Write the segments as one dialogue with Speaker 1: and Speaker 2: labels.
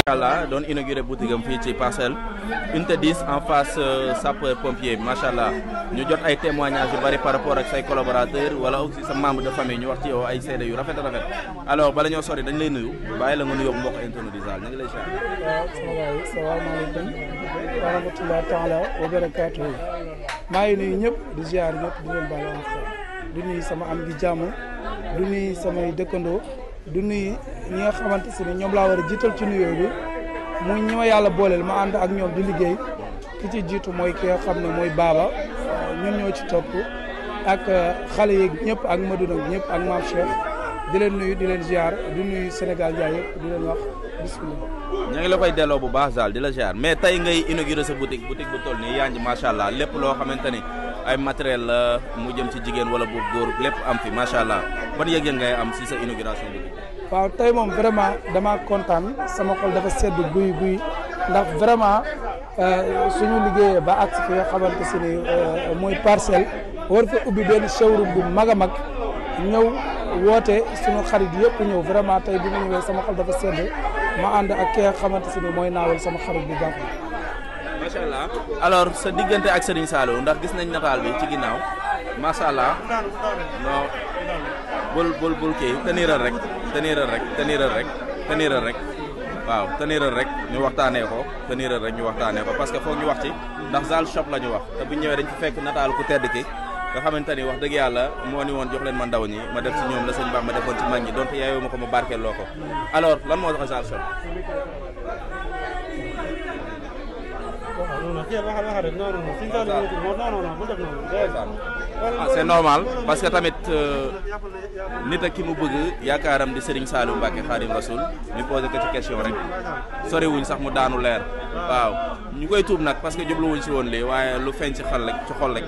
Speaker 1: incha allah doon inauguré boutique fii ci parcelle unité en face euh, sapeur pompier bi macha allah ñu jot ay témoignages yu bari par rapport ak say collaborateurs wala aussi sa membre de famille ñu wax ci yow ay seede yu rafet rafet alors bala ñoo sori dañ lay nuyu bàyyi la nga nuyoo mbokk internet di Zal ñu ngi lay ziar.
Speaker 2: waaw salaamaaleykum wa rahmatulah taala wa maa ngi nuyu ñëpp du ziar ñëpp di leen baal di nuyu sama am gi jàmm di samay dëkkandoo. du nuyu ñi nga xamante si ne ñoom laa war a jiital ci nuyoo bi mu ñi ma yàlla booleel ma ànd ak ñoom di liggéey ki ci jiitu mooy ki nga xam ne mooy baaba ñun ñoo ci topp ak euh, xale yeeg ñëpp ak maduna ñëpp ak maam Cheikh di leen nuyu di leen ziar du nuyu Sénégal jaay yëpp di leen wax
Speaker 3: bisimilah.
Speaker 1: ñu ngi la koy delloo bu baax daal di la ziar mais tey ngay inauguré sa boutique boutique bu toll nii yaa ngi macha allah lépp loo xamante ni. ay matériel la mu jëm ci jigéen wala bu góor lépp am fi macha allah ban yëg-yëg ngay am si sa inauguration bi.
Speaker 2: waaw tey moom vraiment dama kontaan sama xol dafa sedd guy guy ndax vraiment euh, suñu liggéeyee ba ak fi nga xamante si ni euh, muy parcelle war fa ubbi benn showroom bu mag a mag ñëw woote suñu xarit yëpp ñëw vraiment tey bi ma ñëwee sama xol dafa sedd ma ànd ak ki xamante si ni mooy naawal sama xarit bu baax
Speaker 1: macha allah alors sa diggante ak Serigne Saliou ndax gis nañ nataal bi ci ginnaaw macha allah non bul bul bul kii teniral rek teniral rek teniral rek teniral rek waaw teniral rek ñu waxtaanee ko teniral rek ñu waxtaanee ko parce que foog ñu wax ci ndax Zal Shop la ñu wax te bu ñu ñëwee dañ fi fekk nataal ku tedd ki nga xamante ni wax dëgg yàlla moo ni woon jox leen ma ndaw ñi ma def ci ñoom la sëñ Bamba defoon ci mag ñi donte yaayoo ma ko ma barkeeloo ko alors lan moo tax Zal Shop
Speaker 4: ah c'est normal parce que tamit
Speaker 1: nit ak ki mu bëgg yaakaaram di Serigne Saliou Mbacke Khadim Rasoul ñu posé ko ci question rek sori wuñ sax mu daanu leer waaw ñu koy tuub nag parce que jubluwuñ si woon lii waaye lu feeñ ci xol rek ci xol rek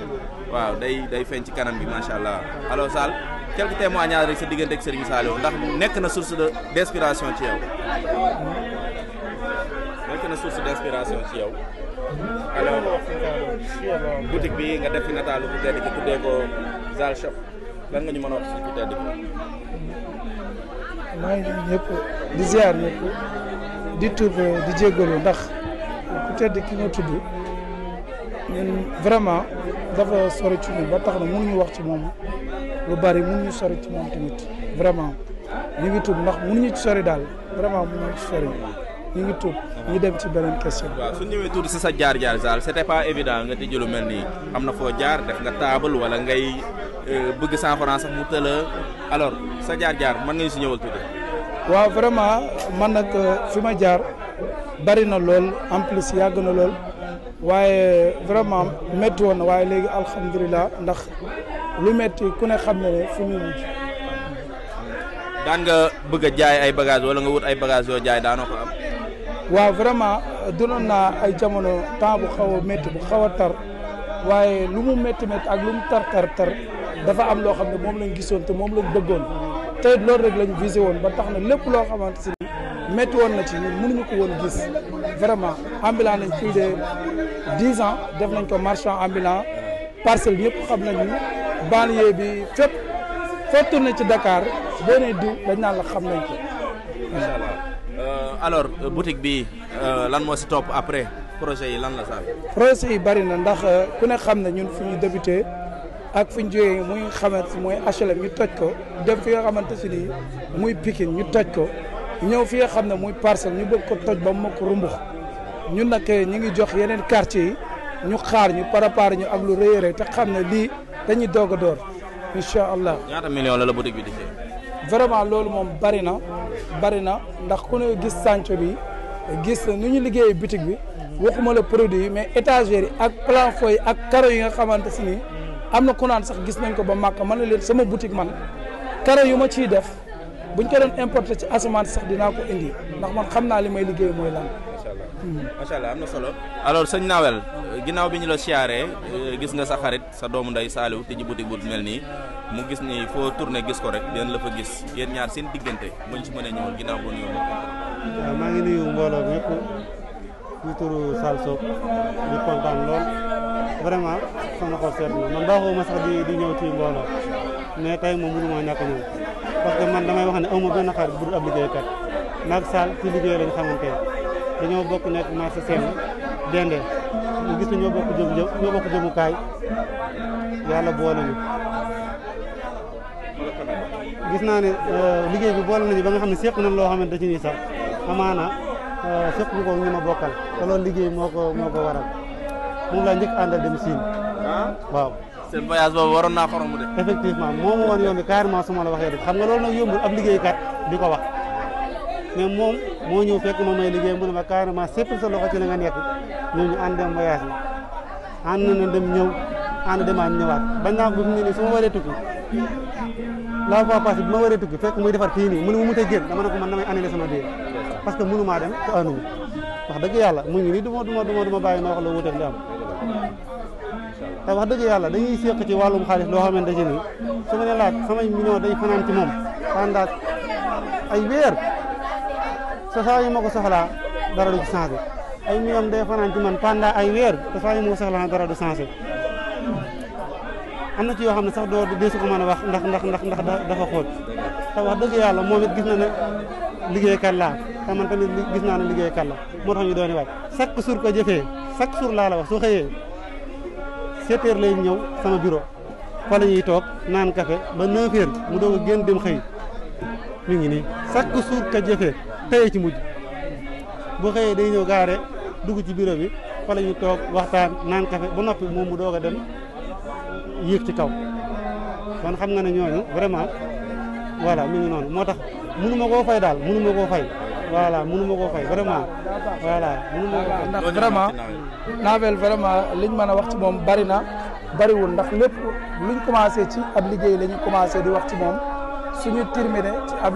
Speaker 1: waaw day day feeñ ci kanam bi macha allah alors Sall quelques témoignages rek sa diggante ak Serigne Saliou ndax nekk na source de d'inspiration ci yow. nekk na source d'inspiration ci yow. alors boutique bi nga def fi nataalu bu tedd ki tuddee ko Zal Shop lan nga ñu mën a wax ci bu tedd
Speaker 2: maa ngi ñëpp di ziar di tuub di jéggalu ndax ki nga tudd ñun vraiment dafa sori ci ñun ba tax na mënuñu wax ci moom lu bari mënuñu sori ci moom tamit vraiment ñu ngi tuub ndax mënuñu ci sori daal vraiment mënuñu ci sori ñu ngi tuub. ñu dem ci beneen question. waaw su
Speaker 1: ñëwee tuuti si sa jaar jaar saal c'était pas évident nga tijji lu mel nii am na foo jaar def nga table wala ngay euh, bëgg cent francs sax mu tëla alors sa jaar jaar man nga si ñëwal tuuti.
Speaker 2: waaw vraiment man nag euh, fi ma jaar bari na lool en plus yàgg na lool waaye vraiment métti woon na waaye léegi alhamdulilah ndax lu metti ku ne xam ne fu muy mujj.
Speaker 1: daan nga bëgg a jaay ay bagages wala nga wut ay bagages yoo jaay
Speaker 2: daanoo ko am. waaw vraiment duloon naa ay jamono temps bu xaw a bu xaw a tar waaye lu mu métti métti ak lu mu tar tar tar dafa am loo xam ne moom lañ gisoon te moom lañ bëggoon tey loolu rek lañ visé woon ba tax na lépp loo xamante si métti woon na ci ñun mënuñu ko woon gis vraiment ambulant nañ plus de dix ans def nañ ko marchand ambulant parcelle ñëpp xam nañu banlieue bi fépp fottu na ci Dakar boo nee diw lañ naa la xam nañ ko incha allah
Speaker 1: alors euh, boutique bi euh, lan moo si topp après projet yi lan la saa
Speaker 2: projet yi bari na ndax euh, ku ne xam ne ñun fu ñu débuté ak fu ñu jógee muy xamante mooy HLM ñu toj ko dem fi nga xamante si nii muy Pikine ñu toj ko ñëw fi nga xam ne muy parcelle ñu bëgg ko toj ba mu ko rumbux ñun nag ñu ngi jox yeneen quartier yi ñu xaar ñu préparé ñu ak lu rëy a rëy te xam ne lii dañuy doog a door incha allah. ñaata
Speaker 1: million la la boutique bi
Speaker 2: vraiment loolu moom bari na bari na ndax ku ne gis Sancho bi gis nu ñu liggéeyee boutique bi waxuma la produit yi mais étagères yi ak plafond yi ak carreaux yi nga xamante si nii am na ku naan sax gis nañ ko ba màkk man na leen sama boutique man carreaux yu ma ciy def buñ ko doon importer ci asamaan sax dinaa ko indi ndax man xam naa li may liggéey mooy lan. macha allah am
Speaker 1: na solo alors sañ Nawel ginnaaw bi ñu la siyaaree eh, gis nga sa xarit sa doomu ndey Saliou te ji boutique bu mel nii mu gis ni foo tourné gis ko rek yéen la fa gis yéen ñaar seen diggante buñ ci mënee ñëwal ginnaaw boo nuyoo
Speaker 3: waaw
Speaker 4: maa ngi nuyu mbooloo ñëpp ñu turu Sall Sow di kontaan lool vraiment sama xol seet sax di ñëw ci mbooloo mais tey moom mënu ma ñàkk ñëw parce man damay wax ne aw ma benn xarit bu dul ab liggéeykat maag Sall ci liggéey lañ xamante dañoo bokk nekk marché seen dende ñu gis ne ñoo bokk jëm jëm ñoo bokk jëmukaay yàlla naa ne euh, liggéey bi boole nañu ba nga xam ne séq nañ loo xamante ci nii sax amaana euh, séq bu ko ñu ma bokkal te liggéey moo ko moo ko waral moom laa njëkk àndal dem siin ah? waaw
Speaker 1: seen voyage boobu waroon naa xoromu de effectivement moomu
Speaker 4: woon yoon bi carrément su ma a waxee dëgg xam nga lool nag yombul ab liggéeykat di ko wax mais moom moo ñëw fekk ma may liggéey mu ne ma carrément séppal sa loxo ci la a nekk ñooñu ànd dem voyage na dem ñëw ànd dem ànd ñëwaat bañ naa bu ñu ne su ma waree tukki la fois passée bi ma waree tukki fekk muy defar kii nii mu ne mu a ne ko man damay annulé sama biir parce que mënumaa dem te anuwu wax dëgg yàlla mu ngi nii du ma du ma du ma du ma bàyyi ma wax la wuuteeg li am te wax dëgg yàlla dañuy séq ci wàllum xaalis loo xamante ne nii su ma ne laaj samay million day fanaan ci moom pendant ay weer sa saa yu ma ko soxlaa dara du ci changé ay miyam day fanaan ci man ay weer te saa yu ma ko soxlaa dara du changé am na ci yoo xam ne sax doo deesu ko mën a wax ndax ndax ndax ndax dafa xóot te wax dëgg yàlla moo it gis na ne liggéeykat laa te man tamit gis naa ne liggéey la moo tax ñu doon waaj chaque jour ko jëfee chaque jour laa la wax soo xëyee sept heures lay ñëw sama bureau fa la ñuy toog naan café ba neuf mu doog génn dem xëy mi ngi nii chaque jour xëyee ci mujj bu xëyee day ñëw gaare dugg ci bureau bi fa la ñu toog waxtaan naan kafe ba noppi moom mu doog a dem yéeg ci kaw kon xam nga ne ñooñu vraiment voilà mi ngi noonu moo tax mënu ma ko fay daal mënu ma koo fay voilà mënu ma koo fay vraiment voilà mënu ndax vraiment Navel vraiment liñ mën
Speaker 2: a wax moom bari na bariwul ndax lépp luñ commencé ci ab liggéey la ñu commencé di wax ci moom suñu terminé ci ab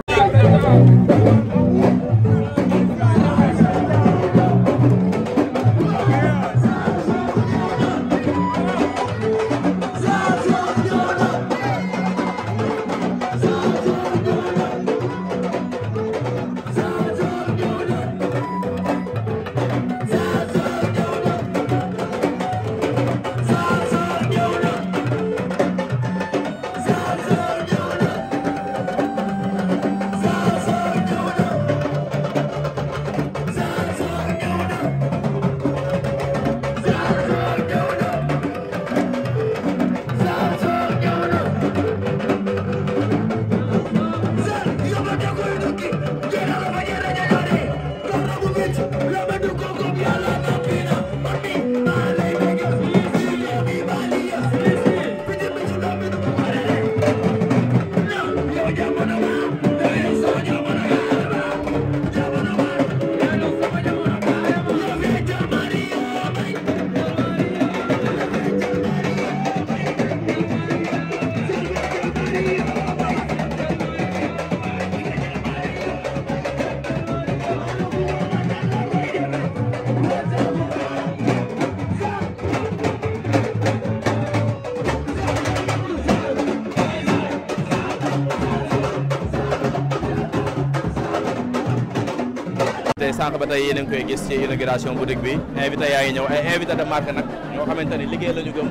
Speaker 1: sànq ba tey yéen a ngi koy gis ci inauguration boutique bi invité yaa ngi ñëw ay invité de marque ñoo xamante ni liggéey la ñu gëm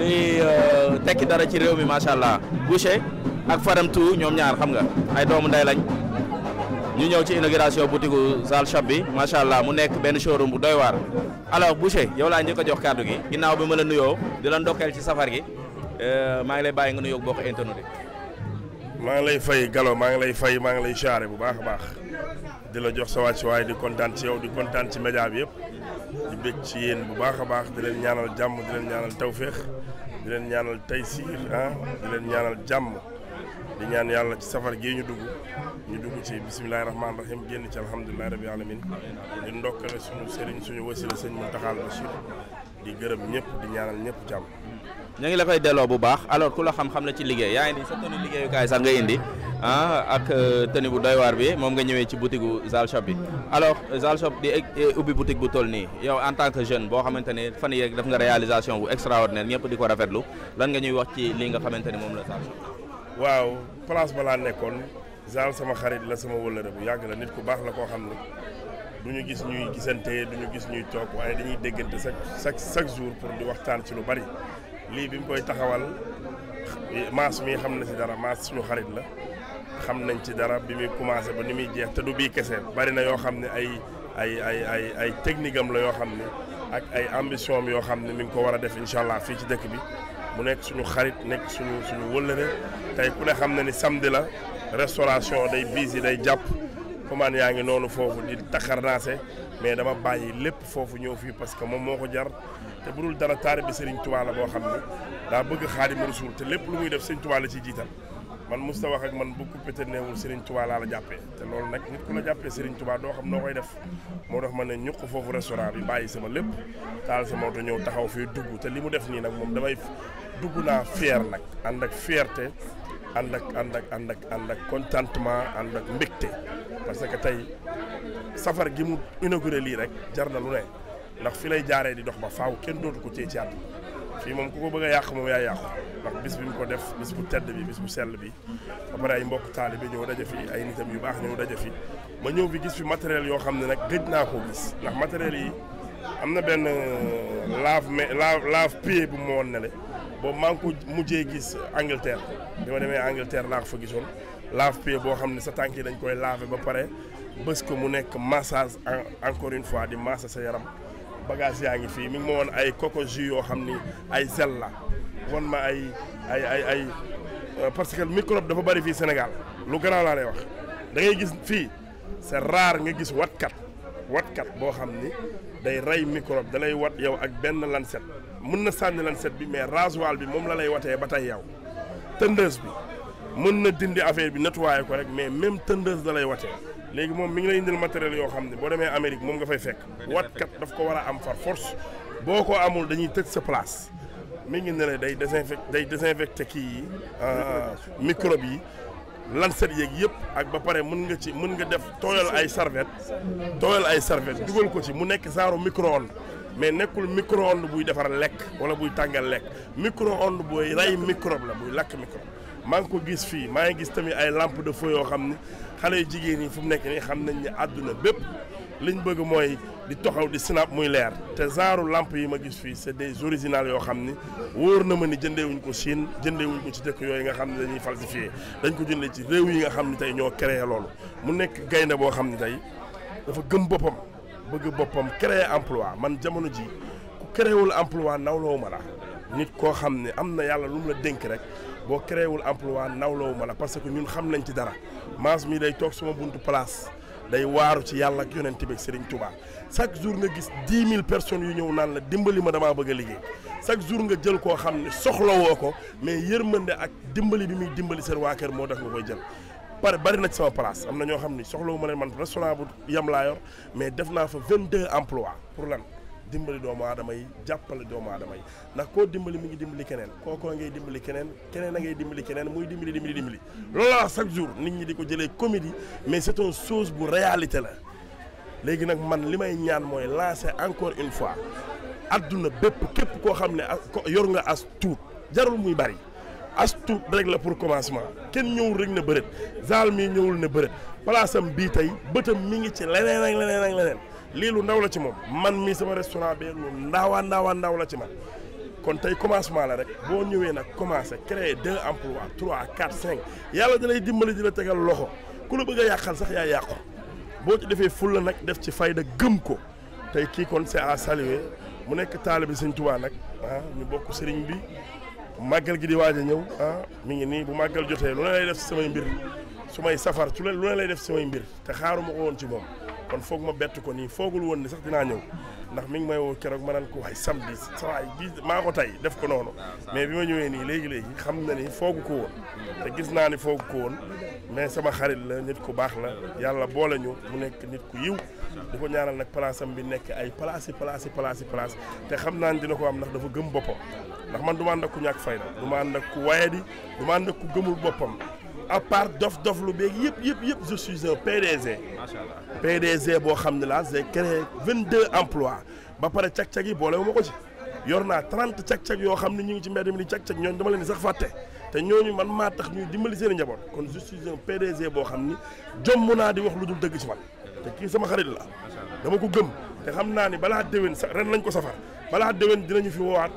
Speaker 1: euh, tekki dara ci réew mi macha allah Boucher ak Faram Tou ñoom ñaar xam nga ay doomu ñu ñëw ci inauguration boutique Zal Shop bi macha allah mu nekk benn showroom bu doy waar alors Boucher yow laa njëkk a jox kàddu gi ginnaaw bi ma nuyoo di la ndokkeel ci safar gi euh, maa ngi lay bàyyi nga nuyoo bokk internet
Speaker 5: maa ngi lay fay Gallo maa ngi lay fay maa ngi lay charré bu baax a baax. di la jox sa wàccuwaay di kontaan ci yow di kontaan ci média bi yëpp di bég ci yéen bu baax a baax di leen ñaanal jàmm di leen ñaanal tawféex di leen ñaanal taysiir ah di leen ñaanal jàmm di ñaan yàlla ci safar gii ñu dugg ñu dugg ci bisimilahi rahmaani rahim génn ci alhamdulilahi rabi alamin di ndokkale suñu sëriñ suñu wasila sëñ Muntaxa Bachir di gërëm ñëpp di ñaanal ñëpp jàmm ñu ngi la koy delloo bu baax alors ku la xam-xam na ci liggéey yaa ngi indi sa tenu liggéeyukaay
Speaker 1: sax nga indi ah ak euh, tenu bu doy waar bi moom nga ñëwee ci boutique gu Shop bi alors Zal Shop di ubbi boutique bu toll nii yow en tant que jeune boo xamante ne fan yii rek def nga réalisation bu extraordinaire ñëpp di ko rafetlu lan nga ñuy wax ci lii nga xamante ne moom la Zal
Speaker 5: Shop. waaw place ba laa nekkoon Zal sama xarit la sama wëllëre bu yàgg la nit ku baax la koo xam ne du ñu gis ñuy gisante du ñu gis toog waaye dañuy déggante chaque chaque chaque jour pour di waxtaan ci lu bari. lii bi mu koy taxawal maas mi xam na ci dara maas suñu xarit la xam nañ ci dara bi muy commencé ba ni muy jeex te du bii kese bari na yoo xam ne ay ay ay ay ay technique la yoo xam ne ak ay ambition yoo xam ne mi ngi ko war a def incha allah fii ci dëkk bi mu nekk suñu xarit nekk suñu suñu wëllëre tey ku ne xam na ni samedi la restauration day biis yi day jàpp commande yaa ngi noonu foofu di taxarnaase mais dama bàyyi lépp foofu ñëw fii parce que moom moo ko jar te bu dul dara bi Serigne Touba boo xam ne daa bëgg Xaadimu Rasuul te lépp lu muy def Serigne Touba la jiital man mos ta wax man bu coupé te neewul Serigne Touba laa jàppee te loolu nag nit ku la jàppee Serigne Touba doo xam noo koy def moo tax ma ne ñuq foofu restaurant bi bàyyi sama lépp taal sama oto ñëw taxaw fii dugg te li mu def nii nag moom damay dugg naa fier nag ànd ak fierté ànd ak ànd ak ànd ak ànd ak contentement ànd ak mbégte parce que tey safar gi mu inauguré lii rek jar na lu ne ndax fi lay jaaree di dox ba faaw kenn dootu ko cee ci àdduna fii moom ku ko bëgg a yàq moom yaa yàqu ndax bis bi mu ko def bis bu tedd bi bis bu sell bi ba pare ay mbokk taalibe ñëw daje fi ay nitam yu baax ñëw daje fi ma ñëw fi gis fi matériel yoo xam ne nag gëj naa koo gis ndax matériel yi am na benn euh, lave mais lave lave pied bu mu woon ne le boobu maa ko mujjee gis Angleterre bi ma demee Angleterre laa ko fa gisoon lave pied boo xam ne sa tànk yi dañ koy laver ba pare bés ko mu nekk massage encore une fois di massage sa yaram bagage yaa ngi fii mi ngi ma woon ay coco jus yoo xam ni ay sel la won ma ay ay ay ay euh, parce que microbe dafa bari fii Sénégal lu garaaw laa lay wax da ngay gis fii seen rare nga gis watkat watkat boo xam ni day rey microbe da lay wat yow ak benn lancette mën na sànni lancette bi mais rasoir bi moom la lay watee ba tey yow tëndees bi mën na dindi affaire bi nettoyé ko rek mais même tëndeuse da lay watee léegi moom mi ngi lay indil matériel yoo xam ne boo demee Amérique moom nga fay fekk watkat daf ko war a am far force boo ko amul dañuy tëj sa place mi ngi ne la day désinfect day désinfecté kii yi euh, microbe yi lancet yéeg yëpp ak ba pare mën nga ci mën nga def tooyal ay serviette tooyal ay serviette dugal ko ci mu nekk saaru micro-ondes mais nekkul micro-ondes buy defar lekk wala buy tàngal lekk micro-ondes buy rey microbe la maa ngi ko gis fii maa ngi gis tamit ay lampe de feu yoo xam ne xale yu jigéen yi fu mu nekk nii xam nañ ne àdduna bépp liñ bëgg mooy di toxaw di snap muy leer te genre lampe yi ma gis fii c'est des originales yoo xam ni wóor na ma ni jëndeewuñ ko Chine jëndeewuñ ko ci dëkk yooyu nga xam ne dañuy falsifié dañ ko jënde ci réew yi nga xam ne tey ñoo créé loolu mu nekk gaynde boo xam ne tey dafa gëm boppam bëgg boppam créer emploi man jamono ji ku créewul emploi nawloo ma la nit koo xam ne am na yàlla lu la dénk rek boo créé wul emploi nawloowu ma la parce que ñun xam nañ ci dara maas mi day toog suma buntu place day waaru ci yàlla ak yonent bi Serigne Touba chaque jour nga gis dix mille personnes yu ñëw naan la dimbali ma damaa bëgg a liggéey chaque jour nga jël koo xam ne soxlawoo ko mais yërmande ak dimbali bi muy dimbali seen waa kër moo def nga koy jël. pare bari na ci sama place am na ñoo xam ni soxlawu ma leen man restaurant bu yem laa yor mais def naa fa vingt deux emplois pour lan. dimbali doomu aadama yi jàppale doomu aadama yi ndax koo dimbali mi ngi dimbali keneen kookoo ngay dimbali keneen keneen a ngay dimbali keneen muy dimbali dimbali dimbali loolu la chaque jour nit ñi di ko jëlee comédie mais c'est une chose bu réalité la léegi nag man li may ñaan mooy lancer encore une fois adduna bépp képp koo xam ne yor nga as tuut jarul muy bari as tuut rek la pour commencement kenn ñëwul rek na bërët zaal mii ñëwul na bërët palaasam bii tey bëtam mi ngi ci leneen ak leneen ak leneen lii lu ndaw la ci moom man mii sama restaurant bi lu ndaawaa ndaawaa ndaw la ci man kon tey commencement la rek boo ñëwee nag commencé créer deux emplois trois quatre cinq yàlla da dimbali di la tegal loxo ku la bëgg a yàqal sax yaa yàqu boo ci defee fulla nag def ci fayda gëm ko tey kii kon c'est à saluer mu nekk taalibe Sëñ Tuubaa nag mu ah ñu bokk sëriñ bi màggal gi di waaj a ñëw ah mi ngi nii bu màggal jotee lu ne lay def ci samay mbir su may safar su lu ne lay def ci samay te xaaruma woon ci moom kon foog ma bett ko nii foogul woon ni sax dinaa ñëw ndax mi ngi may woo keroog ma naan ko waay samedi sa waay bi maa ko tey def ko noonu mais bi ma ñëwee nii léegi-léegi xam na ni foogu ko woon te gis naa ni foogu ko woon mais sama xarit la nit ku baax la yàlla boole ñu mu nekk nit ku yiw di ko ñaanal nag place am bi nekk ay place place place place te xam naa ni dina ko am ndax dafa gëm boppam ndax man du ma ànd ak ku ñàkk fayda du ma ak ku waye du ma ànd gëmul boppam à part dof dof lu beeg yëpp yëpp yëpp je suis un PDG. macha allah PDG boo xam ne laa j'ai créé vingt deux emplois ba pare cag-cag yi boole ma ko ci. yor naa trente cag cak yoo xam ne ñu ngi ci mbedd mi di cag-cag ñooñu dama leen sax fàtte te ñooñu man maa tax ñuy dimbali seen i njaboot kon je suis un boo xam ni jomm naa di wax lu dul dëgg ci man te kii sama xarit la dama ko gëm te xam naa ni balaa déwén sa ren lañ ko safar balaa déwén dinañu fi woowaat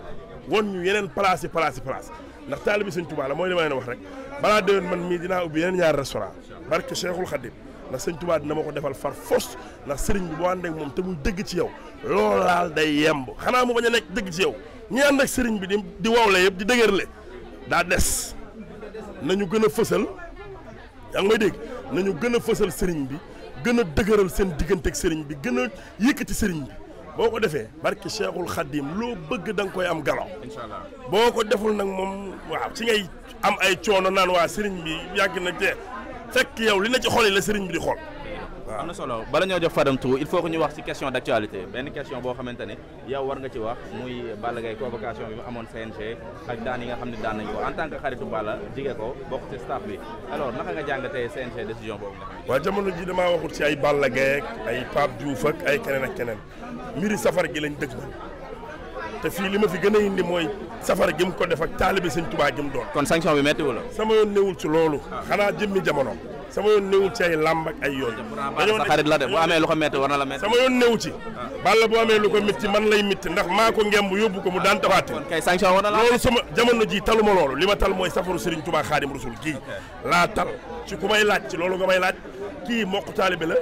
Speaker 5: woon ñu yeneen place yi place yi ndax taalibi sëñ Touba la mooy li ne leen wax rek balaa déwén man mii dinaa ubbi yeneen ñaari restaurant barke Cheikhul Khadim ndax sëñ Touba dina ma ko defal far fos ndax sëriñ bi boo ànd ak moom te muy dëgg ci yow loolu day yemb xanaa mu bañ a nekk dëgg ci yow ñi ànd ak sëriñ bi di di wowle yëpp di dëgërle daa des nañu gën a fësal yaa nga may dégg nañu gën a fësal sëriñ bi gën a dëgëral seen diggante ak sëriñ bi gën a yëkkati sëriñ bi boo ko defee barki Cheikhul Khadim loo bëgg da koy am galaw inshallah boo ko deful nag moom waaw ci ngay am ay coono naan waa sëriñ bi yàgg na te fekk yow li na ci xol yi la sëriñ bi di xool
Speaker 1: am na solo bala ñoo jox Fadam Tou il faut que ñu wax ci question d'actualité benn question boo xamante ne yow war nga ci wax muy Balla Gaye convocation bi mu amoon CNG ak daan yi nga xam ne daan nañu ko en tant que xaritu Balla jige ko bokk ci staff bi alors naka nga jàngatee CNG décision boobu nga
Speaker 5: waaw jamono ji damaa waxul ci ay Balla Gaye ak ay Pape Diouf ak ay keneen ak keneen mbiri safar gi lañ dëgg te fii li ma fi gën a indi mooy safar gi mu ko def ak taalibe Sëñ Tuubaa gi mu doon kon sanction bi méttiwu la sama yoon newul ci loolu ah. xanaa jëmmi jamono sama yoon néew ci ay làmb ak ay yooyu. dañoo sa xarit
Speaker 1: la de bu amee lu ko la
Speaker 5: métti. sama yoon néew ci. Balla bu amee lu ko métti man lay métti ndax maa ko ngemb yóbbu ko mu daan tafaate. kon kay sanction loolu sama jamono ji taluma loolu li ma tal mooy safaru Serigne Touba Xaadim Rasul kii laa tal ci ku may laaj ci loolu nga may laaj kii mokk taalibe la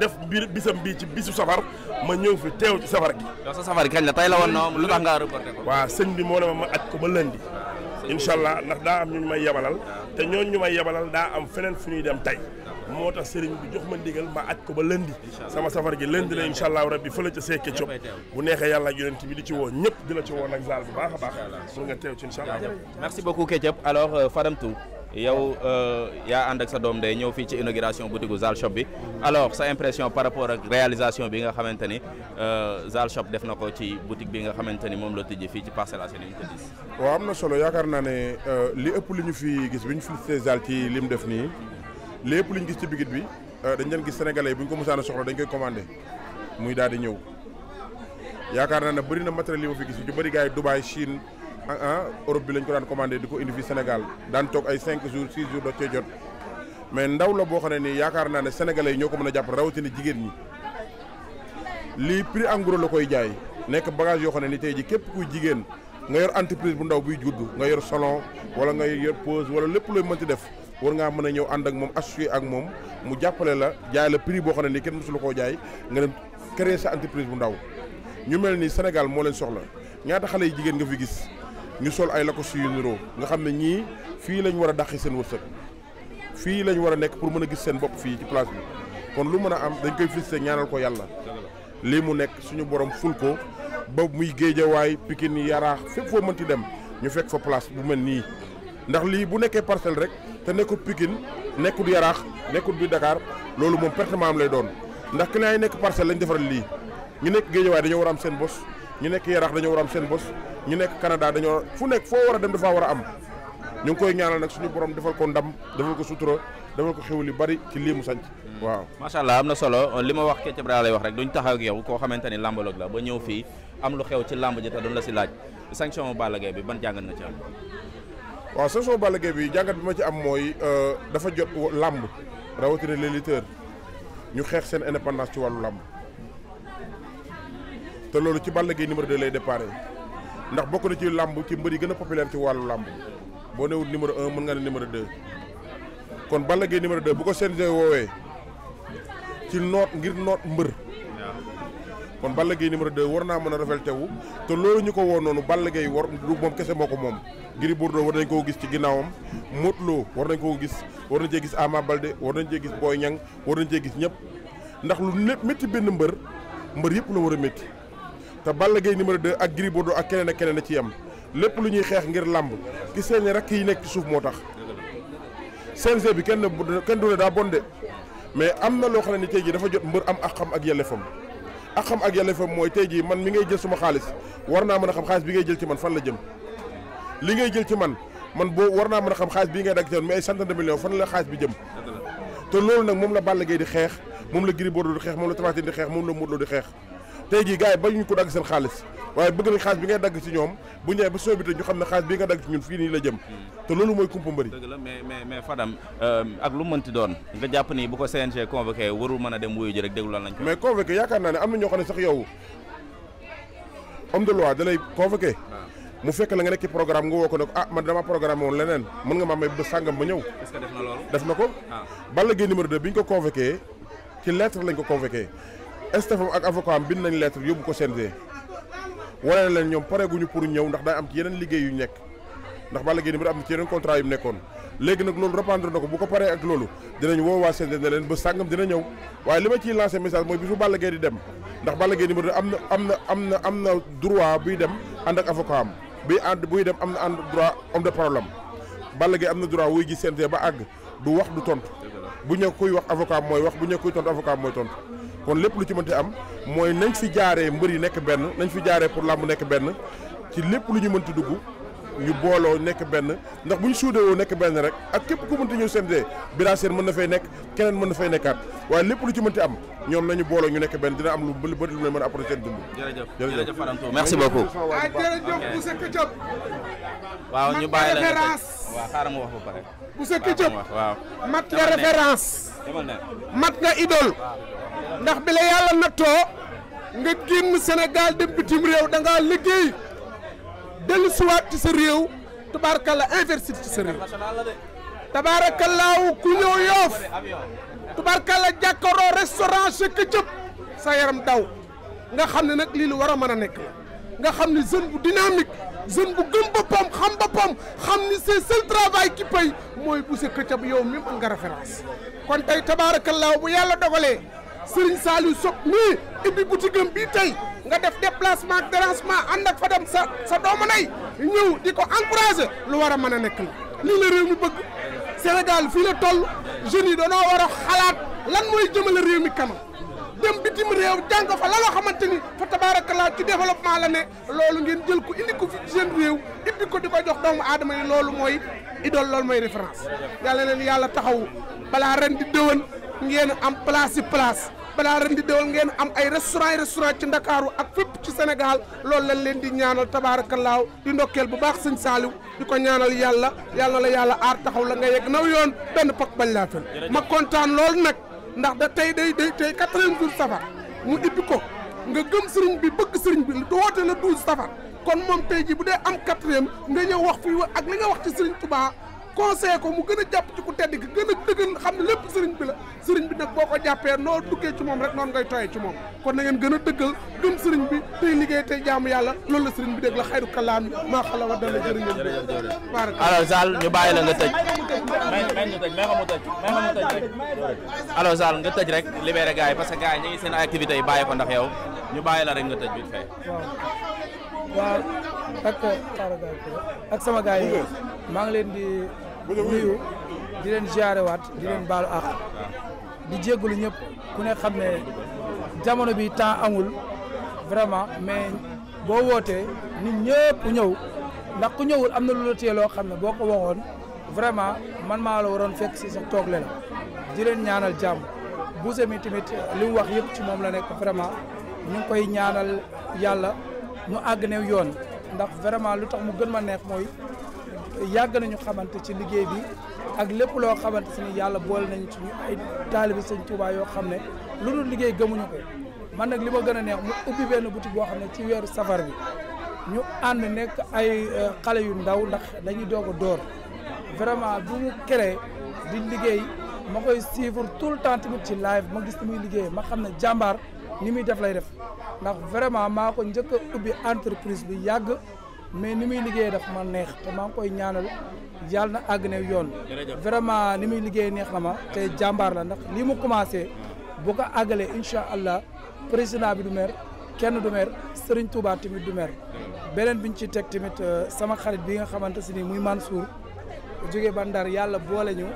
Speaker 5: def mbir bisam bii ci bisu safar ma ñëw fi teew ci safar gi. yow sa safar gi la tey la woon noonu lu tax nga reporté ko. waaw sëñ bi moo ne ma ma aj ko ba lundi incha allah ndax daa am ñu may yebalal te ñooñu ñu may yebalal daa am feneen fu ñuy dem tey moo tax sëriñ bi jox ma ndigal ma aj ko ba lëndi sama safar gi lëndi la incha allah rabbi fële ca seeke cop bu neexee yàlla ak bi di ci woo ñëpp di la ci woo nag zaal bu baax a baax pour nga teew ci incha allah merci beaucoup Ketchup alors euh, Fadam
Speaker 1: yow euh, yaa ànd ak sa doom day ñëw fii ci inauguration boutique Zal Shop bi alors sa impression par rapport ak réalisation bi nga xamante ni euh, Zal Shop def na ko ci boutique bi nga xamante ni moom la tijji fii ci Parcelles Assainies unité 10.
Speaker 6: waaw am na solo yaakaar naa ne euh, li ëpp li ñu fii gis bi ñu félicité Zal ci li mu def nii li ëpp li ñu gis ci bigit bi dañ leen gis sénégalais bi ñu ko mosaan a soxla dañ koy commandé muy daal di ñëw yaakaar naa ne bëri na matériel yi fi gis yu Ah, ah, Europe bi lañ ko daan commandé di ko indi fi Sénégal daan toog ay 5 jours 6 jours doo cee jot mais ndaw la boo xam ne nii yaakaar naa ne sénégalais ñoo ko mën a jàpp rawatina jigéen ñi lii pris en gros la koy jaay nekk bagage yoo xam ne ni tey ji képp kuy jigéen nga yor entreprise bu ndaw buy judd nga yor salon wala nga yor pause wala lépp looy mënti def war ngaa mën a ñëw ànd ak moom associé ak moom mu jàppale la jaay la prix boo xam ne nii la koo jaay nga dem créer bu ndaw ñu mel ni Sénégal moo leen soxla ñaata xale yi jigéen nga fi gis ñu sol ay lakos yu niroo nga xam ne ñii fii lañ war a dàqi seen wërsëg fii lañ war a nekk pour mën a gis seen bopp fii ci place bi kon lu mën a am dañ koy félicité ñaanal ko yàlla lii mu nekk suñu borom ful ko ba muy géejawaay Pikine yaraax fépp foo mënti dem ñu fekk fa place bu mel nii ndax lii bu nekkee parcelle rek te nekkul pikin nekkut yaraax nekkul bi dakaar loolu moom pertement am lay doon ndax client yi nekk parcelle lañ defaral lii ñu nekk géejawaay dañoo war am seen bos ñu nekk yaraax dañoo war seen bos ñu nekk Canada dañoo fu nekk foo war a dem dafaa war a am ñu ngi koy ñaanal nag suñu borom defal ko ndam defal ko sutura defal ko xew li bari ci lii mu sanc waaw
Speaker 1: macha allah am na solo li ma wax Kethié Brada lay wax rek duñ taxaw yow koo xamante ni làmbaloog la ba ñëw fii am lu xew ci làmb ji te duñ la si laaj sanction Balla Gaye bi ban jàngat nga ci am
Speaker 6: waaw sanction Balla bi jàngat bi ma ci am mooy euh, dafa jot làmb rawatina les lutteurs ñu xeex seen indépendance ci wàllu làmb loolu ci Balla numéro 2 lay déparé ndax bokk na ci làmb ci mbër yi gën a populaire ci wàllu làmb boo newul numéro un mën nga ne numéro deux kon Balla Gaye numéro deux bu ko CNG woowee ci noot ngir noot mbër kon Balla Gaye numéro deux war naa mën a rafet tewu te loolu ñu ko woo noonu Balla Gaye war du moom kese moo ko moom Gris Bordeaux war nañ koo gis ci ginnaawam Modou Lo war nañ koo gis war nañ cee gis Ama war nañ cee gis Boy Niang war nañ cee gis ñëpp ndax lu ne métti benn mbër mbër yëpp la war a métti te Balla Gaye numéro 2 ak Gris Bordeaux ak keneen ak keneen a ci yem lépp lu ñuy xeex ngir làmb ki seen rakk yi nekk ci suuf moo tax CNG bi kenn kenn du ne daa bon de mais am na loo xam ne ni tey jii dafa jot mbër am ak xam ak yelleefam ak xam ak yelleefam mooy tey jii man mi ngay jël suma xaalis war naa mën a xam xaalis bi ngay jël ci man fan la jëm li ngay jël ci man man boo war naa mën a xam xaalis bi ngay dagg ci man mais ay centaine de fan la xaalis bi jëm te loolu Balla Gaye di moom la Gris Bordeaux xeex moom la Tapha xeex moom la Modou Lô di tey jii gars yi bañuñu ko dagg seen xaalis waaye bëgg nañ xaalis bi ngay dagg ci ñoom bu ñëwee ba sobité ñu xam ne xaalis bi nga dagg ci ñun fii nii la jëm te loolu mooy kumpa mbëri
Speaker 1: dëgg la mais mais mais Fadam euh, ak lu mënti doon nga jàpp nii bu ko CNG convoqué warul mën a dem wuyu ji rek déglu lan lañ mais
Speaker 6: convoqué yaakaar naa ne am na ñoo xam ne sax yow homme de loi da lay convoqué ah. mu fekk la nga nekk ci programme nga woo ko ne ko ah man dama programme woon leneen mën nga ma may ba sàngam def na ko. Ah. Balla Gaye numéro 2 bi ñu ko convoqué ci lettre lañ ko convoqué estafam ak avocat am bind nañ lettre yóbbu ko CNG wane na leen ñoom pare guñu pour ñëw ndax daa am ci yeneen liggéey yu nekk ndax Balla Gaye numéro am na ci yeneen contrat yu nekkoon léegi nag loolu reprendre na ko bu ko paree ak loolu dinañ woo waa CNG ne leen sàngam dina ñëw waaye li ma ciy lancé message mooy bisu Balla Gaye di dem ndax Balla Gaye numéro am na am na am na am na droit buy dem ànd ak avocat am buy ànd buy dem am na ànd droit homme de parole am Balla am na droit wuy gi CNG ba àgg du wax du tontu bu ñu kuy wax avocat mooy wax bu ñu kuy tontu avocat mooy tontu kon lépp lu ci mënti am mooy nañ fi jaaree mbër yi nekk benn nañ fi jaaree pour làmb nekk benn ci lépp lu ñu mënti dugg ñu booloo nekk benn ndax bu ñu suudewoo nekk benn rek ak képp ku mënti ñëw seen dee Bira mën na fay nekk keneen mën na fay nekkaat waaye lépp lu ci mënti am ñoom nañu booloo ñu nekk benn dina am lu bëri bëri lu may mën a apporter seen dund. jërëjëf jërëjëf Fadam Thiaw merci beaucoup. waaw ñu bàyyi la référence. waaw xaaral ma wax ba pare. Moussa Ketchup. waaw
Speaker 3: mat nga référence. mat nga idole. ndax bi la yàlla nattoo nga génn Sénégal dem bitim réew danga ngaa liggéey dellu siwaat ci sa réew tubaarkalla investir ci sa réew tabaarakallaahu ku ñëw yoof tubaarkalla jàkkaroo restaurant chekka cëp sa yaram daw nga xam ne nag lii lu war a mën a nekk la nga xam ne jeune bu dynamique jeune bu gëm boppam xam boppam xam ni c'est seul travail qui mooy bu sa yow même am nga référence kon tey tabaarakallaahu bu yàlla dogalee Serigne Saliou Sow mii ibbi boutique am bii tey nga def déplacement ak dérangement ànd ak fa dem sa sa doomu nay ñëw di ko encourager lu war a mën a nekk la lii la réew mi bëgg Sénégal fii le toll jeunes yi danoo war a xalaat lan mooy jëmale réew mi kanam dem bitim réew jàng fa la loo xamante ni fa tabaarakallaa ci développement la ne loolu ngeen jël ko indi ko fi seen réew ibbi ko di ko jox doomu aadama yi loolu mooy idole loolu mooy référence yàlla leen yàlla taxaw balaa ren di dëwën ngeen am place ci place balaa ren di déwal ngeen am ay restaurant yi restaurant ci ndakaaru ak fépp ci Sénégal lool lañ leen di ñaanal tabaarakallaahu di ndokkeel bu baax sëñ Saaliw di ko ñaanal yàlla yàlla la yàlla aar taxaw la nga yegg naw yoon benn pak bañ laa ma kontaan loolu nag ndax da tey day day tey quatrième jour safar mu ibbi ko nga gëm sëriñ bi bëgg sëriñ bi du woote la douze safar kon moom tey ji bu dee am quatrième nga ñëw wax fii ak li nga wax ci sëriñ tubaa conseillé ko mu gën a jàpp ci ku tedd gi gën a dëgën xam ne lépp sëriñ bi la sëriñ bi nag boo ko jàppee noo duggee ci moom rek noonu ngay tooyee ci moom kon na gën a dëggal gëm sëriñ bi tey liggéey tey la sëriñ bi dégg la yi maa xala wa dala jërëjëf jërëjëf alors Sall nga
Speaker 1: tëj ma mu tëj may ma mu
Speaker 2: tëj rek
Speaker 1: alors Sall nga tëj rek libéré gars yi ñu ngi seen activités yi bàyyi ko ndax yow ñu bàyyi la rek nga tëj bi fay
Speaker 2: waaw ak ak nuyu di leen jaarewaat di leen baalu ak di jégalu ñëpp ku ne xam ne jamono bi temps amul vraiment mais boo wootee nit ñëpp ñëw ndax ku ñëwul am na lu la loo xam ne boo ko waxoon vraiment man maa la waroon fekk si sa toog la di leen ñaanal jàmm buuse mi tamit li mu wax yëpp ci moom la nekk vraiment ñu ngi koy ñaanal yàlla ñu àgg ne yoon ndax vraiment lu tax mu gën ma neex mooy yàgg nañu xamante ci liggéey bi ak lépp loo xamante si ni yàlla boole nañ ci ay taalibi sëñ yoo xam ne lu dul liggéey gëmuñu ko man nag li ma gën a neex mu ubbi benn boutique boo xam ne ci weeru safar bi ñu ànd nekk ay euh, xale yu ndaw ndax dañuy doog door vraiment bu mu créé di liggéey ma koy suivre tout le temps tamit ci live ma gis ni muy liggéey ma xam ne jàmbaar ni muy def lay def ndax vraiment maa ko njëkk ubbi entreprise bi yàgg mais ni muy liggéeyee dafa ma neex te maa koy ñaanal yàlla na àgg ne yoon vraiment ni muy liggéeye neex na ma te jàmbaar la ndax lii mu commencé bu ko àggalee incha allah président bi du kenn du maire Serigne Touba tamit du beneen bi ñu ci teg tamit euh, sama xarit bi nga xamante si nii muy Mansour jóge ba yàlla boole ñu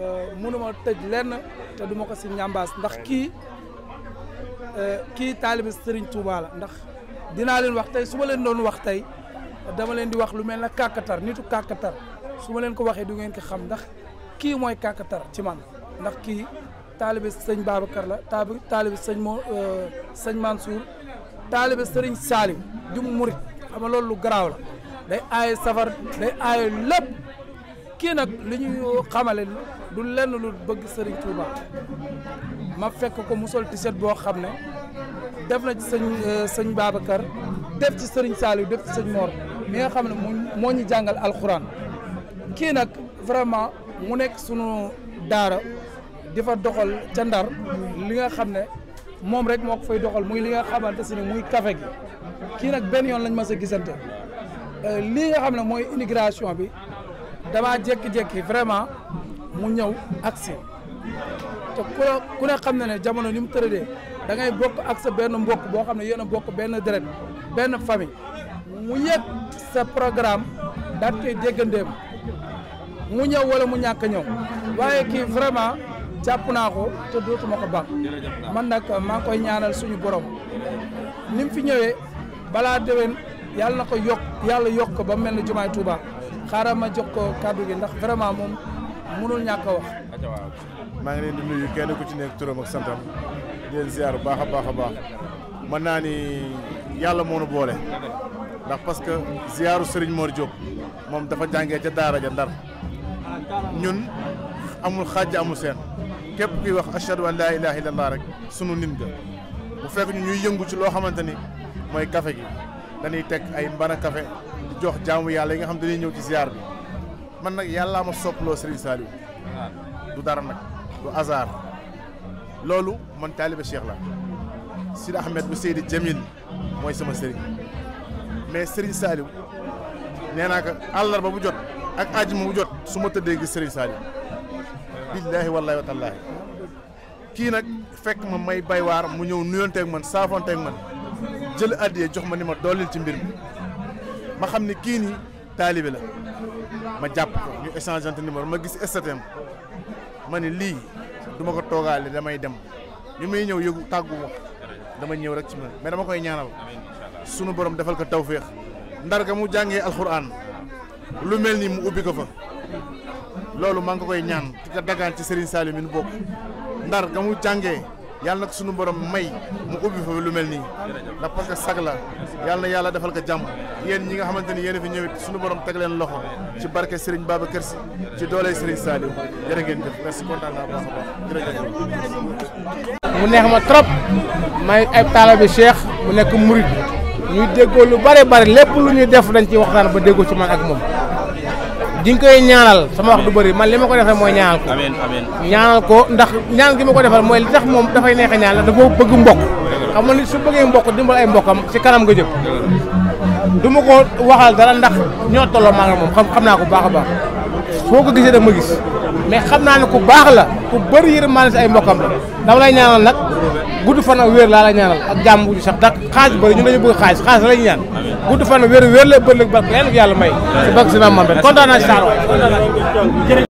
Speaker 2: euh, mënuma tëj lenn te du duma ko si ñambaas ndax kii euh, kii taalibi Serigne Touba la ndax dinaa leen wax tey su leen doon wax tey dama leen di wax lu mel na kàkkatar nitu kàkkatar su ma leen ko waxee du ngeen ko xam ndax kii mooy kàkkatar ci man ndax kii taalibe sëñ Babacar la taalibe sëñ moo euh, sëñ Mansour taalibe sëriñ Salim di murit xam nga loolu lu garaaw la day aaye safar day aaye lépp kii nag li ñu xamale du lenn lu bëgg sëriñ Touba ma fekk ko musol sol tiset boo xam ne def na sëñ euh, sëñ Babacar def ci sëriñ Salim def ci sëñ Mor mi nga xam ne moo ñu jàngal alxuraan kii nag vraiment mu nekk sunu daaro di fa doxal ca ndar li nga xam ne moom rek moo ko fay doxal muy li nga xamante si ne muy café gi kii nag benn yoon lañ ma sa gisante euh, lii nga xam ne mooy immigration bi damaa jékki-jékki vraiment mu ñëw agsi te ku ne ku ne xam na ne jamono ni mu tëradee da bokk ak sa benn mbokk boo xam ne yéen a bokk benn deret benn famille mu yëg sa programme daal koy déggandeem mu ñëw wala mu ñàkk ñëw waaye kii vraiment jàpp naa ko te dootuma ko baax man nag maa ngi ñaanal suñu borom ni mu fi ñëwee balaa déwén yàlla na ko yokk yàlla yokk ko ba mel ni jumaay Touba xaaral ma jox ko kàddu gi ndax vraiment moom mënul ñàkk a wax.
Speaker 7: maa ngi leen di nuyu kenn ku ci nekk turam ak santam di leen ziar bu baax a baax a baax mën naa ni yàlla moo nu boole. ndax parce que ziyaaru Serigne moo Diop moom dafa jàngee ca daara ja Ndar ñun amul xaaj amul seen képp kuy wax ashhadu an laa ilaaha illallah rek sunu nit nga bu fekk ñu ñuy yëngu ci loo xamante ni mooy kafe gi dañuy teg ay mbana café di jox jaamu yàlla yi nga xam dañuy ñëw ci ziyaar bi man nag yàllaa ma loo Serigne Saliou du dara nag du hasard loolu man taalibe Cheikh la Sidi Ahmed bu Seydi Jamil mooy sama Serigne. mais Serigne Saliou nee naa ko àllarba bu jot ak àjjuma bu jot su ma tëddee gi Serigne Saliou billaahi wallaahi wa tallaahi kii nag fekk ma may baywaar mu ñëw nuyonteeg man saafonteeg man jël addiyee jox ma ni ma dollil ci mbir mi ma xam ni kii nii taalibe la ma jàpp ko ñu échangeante numéro ma gis STM ma ni lii du ma ko toogaale damay dem bi may ñëw yëgu tàggu ma dama ñëw rek ci man mais dama koy ñaanal sunu borom defal ko tawféex ndar ga mu jàngee alxuraan lu mel ni mu ubbi ko fa loolu maa ngi koy ñaan di ko dagaan ci Serigne Saliou mi nu bokk ndar ga mu jàngee yàlla nag sunu borom may mu ubbi fa lu mel nii parce que sag la yàlla yàlla defal ko jàmm yéen ñi nga xamante ni yéen a fi ñëwit borom teg leen loxo ci barke Serigne Babacar Sy ci doole Serigne Saliou jërë ngeen jëf merci kontaan naa baax mu neex
Speaker 3: mu nekk murid ñuy déggoo lu bare bare lépp lu ñuy def dañ ci waxtaan ba déggoo ci man ak moom di nga koy ñaanal sama wax du bëri man li ma ko defal mooy ñaanal ko. ñaanal ko ndax ñaan gi ma ko defal mooy li tax moom dafay neex a ñaanal dafa bëgg mbokk. xam nga ni su bëggee mbokk dimbal ay mbokkam ci kanam nga jëm. du ma ko waxal dara ndax ñoo tolloo maa ngi moom xam xam naa ko baax a baax foo ko gisee da ma gis. mais xam naa ne ku baax la ku bëri yërmande si ay mbokkam la dama lay ñaanal nag gudd fan ak wér laa lay ñaanal ak jàmm bu sax dak xaalis bëri ñun dañu bëgg xaalis xaalis lañu ñaan gudd fan ak wér wér la bëri la barke yàlla may si bëgg si maam man kontaan naa si saar
Speaker 4: waay